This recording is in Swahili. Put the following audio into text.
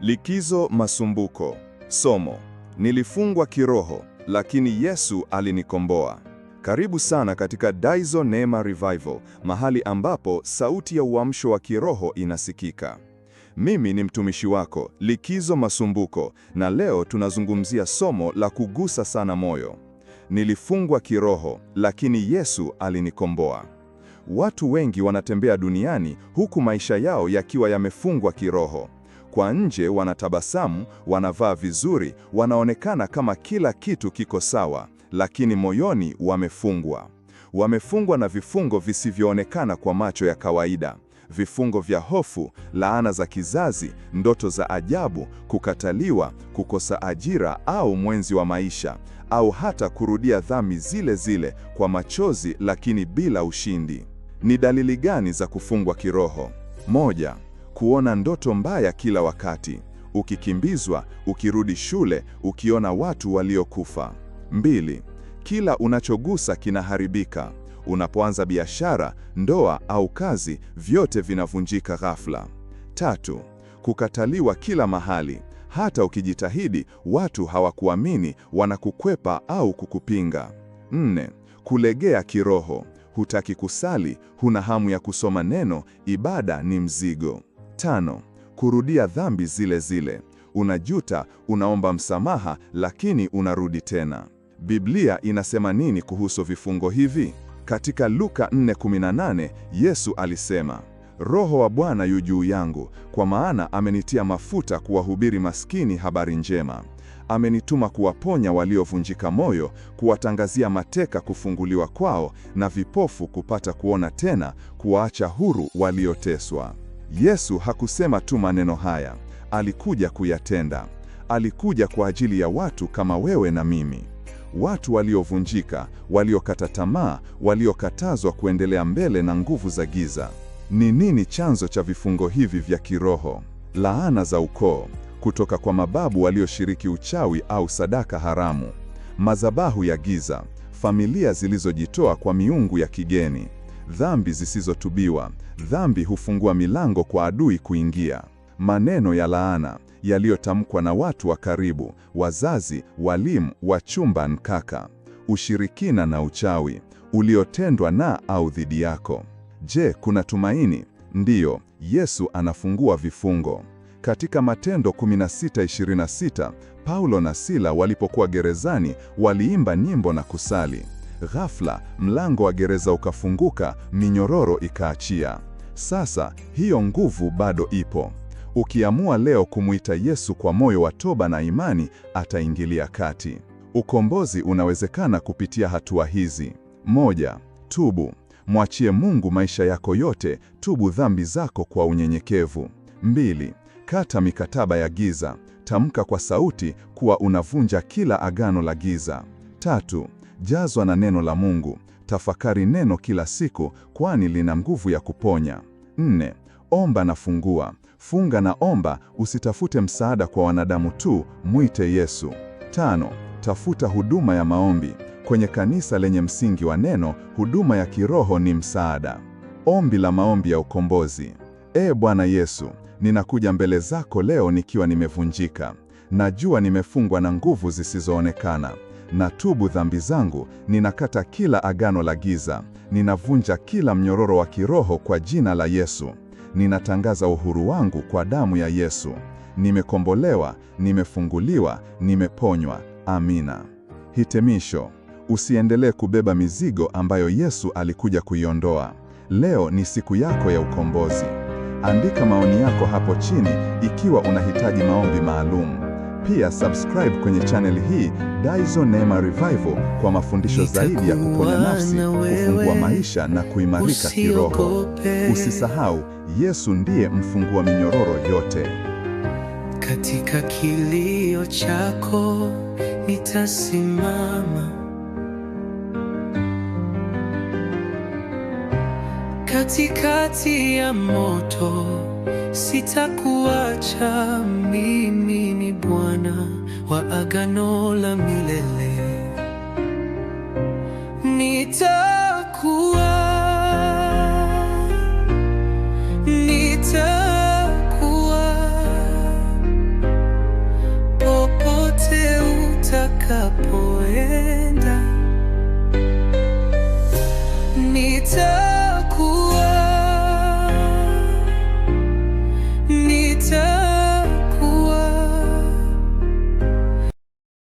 Likizo masumbuko. Somo: nilifungwa kiroho, lakini Yesu alinikomboa. Karibu sana katika Daizo Neema Revival, mahali ambapo sauti ya uamsho wa kiroho inasikika. Mimi ni mtumishi wako Likizo Masumbuko, na leo tunazungumzia somo la kugusa sana moyo. Nilifungwa kiroho, lakini Yesu alinikomboa. Watu wengi wanatembea duniani huku maisha yao yakiwa yamefungwa kiroho. Kwa nje wanatabasamu, wanavaa vizuri, wanaonekana kama kila kitu kiko sawa, lakini moyoni wamefungwa. Wamefungwa na vifungo visivyoonekana kwa macho ya kawaida. Vifungo vya hofu, laana za kizazi, ndoto za ajabu, kukataliwa, kukosa ajira au mwenzi wa maisha, au hata kurudia dhambi zile zile kwa machozi, lakini bila ushindi. Ni dalili gani za kufungwa kiroho? Moja, kuona ndoto mbaya kila wakati, ukikimbizwa, ukirudi shule, ukiona watu waliokufa. Mbili, kila unachogusa kinaharibika. Unapoanza biashara, ndoa au kazi, vyote vinavunjika ghafla. Tatu, kukataliwa kila mahali. Hata ukijitahidi, watu hawakuamini, wanakukwepa au kukupinga. Nne, kulegea kiroho. Hutaki kusali, huna hamu ya kusoma neno, ibada ni mzigo. Tano, kurudia dhambi zile zile. Unajuta, unaomba msamaha, lakini unarudi tena. Biblia inasema nini kuhusu vifungo hivi? Katika Luka 4:18 Yesu alisema, Roho wa Bwana yu juu yangu, kwa maana amenitia mafuta kuwahubiri maskini habari njema. Amenituma kuwaponya waliovunjika moyo, kuwatangazia mateka kufunguliwa kwao, na vipofu kupata kuona tena, kuwaacha huru walioteswa. Yesu hakusema tu maneno haya, alikuja kuyatenda. Alikuja kwa ajili ya watu kama wewe na mimi, watu waliovunjika, waliokata tamaa, waliokatazwa kuendelea mbele na nguvu za giza. Ni nini chanzo cha vifungo hivi vya kiroho? Laana za ukoo kutoka kwa mababu walioshiriki uchawi au sadaka haramu, madhabahu ya giza, familia zilizojitoa kwa miungu ya kigeni, dhambi zisizotubiwa. Dhambi hufungua milango kwa adui kuingia. Maneno ya laana yaliyotamkwa na watu wa karibu, wazazi, walimu, wachumba, nkaka. Ushirikina na uchawi uliotendwa na au dhidi yako. Je, kuna tumaini? Ndiyo, Yesu anafungua vifungo. Katika Matendo 16:26, Paulo na Sila walipokuwa gerezani waliimba nyimbo na kusali. Ghafla mlango wa gereza ukafunguka, minyororo ikaachia. Sasa hiyo nguvu bado ipo. Ukiamua leo kumwita Yesu kwa moyo wa toba na imani, ataingilia kati. Ukombozi unawezekana kupitia hatua hizi. Moja, tubu. Mwachie Mungu maisha yako yote, tubu dhambi zako kwa unyenyekevu. Mbili, kata mikataba ya giza. Tamka kwa sauti kuwa unavunja kila agano la giza. Tatu, jazwa na neno la Mungu, tafakari neno kila siku, kwani lina nguvu ya kuponya. Nne, omba na fungua, funga na omba, usitafute msaada kwa wanadamu tu, mwite Yesu. Tano, tafuta huduma ya maombi. Kwenye kanisa lenye msingi wa neno, huduma ya kiroho ni msaada. Ombi la maombi ya ukombozi. Ee Bwana Yesu, ninakuja mbele zako leo nikiwa nimevunjika. Najua nimefungwa na nguvu zisizoonekana natubu dhambi zangu, ninakata kila agano la giza, ninavunja kila mnyororo wa kiroho kwa jina la Yesu, ninatangaza uhuru wangu kwa damu ya Yesu. Nimekombolewa, nimefunguliwa, nimeponywa. Amina. Hitimisho: usiendelee kubeba mizigo ambayo Yesu alikuja kuiondoa. Leo ni siku yako ya ukombozi. Andika maoni yako hapo chini ikiwa unahitaji maombi maalum. Pia subscribe kwenye chaneli hii Daizo Neema Revival kwa mafundisho zaidi ya kuponya nafsi, kufungua maisha na kuimarika kiroho. Usisahau, Yesu ndiye mfungua minyororo yote. Katika kilio chako nitasimama, katikati ya moto Sitakuacha, mimi ni Bwana wa agano la milele, nitakuwa nitakuwa popote utakapoenda nitakuwa.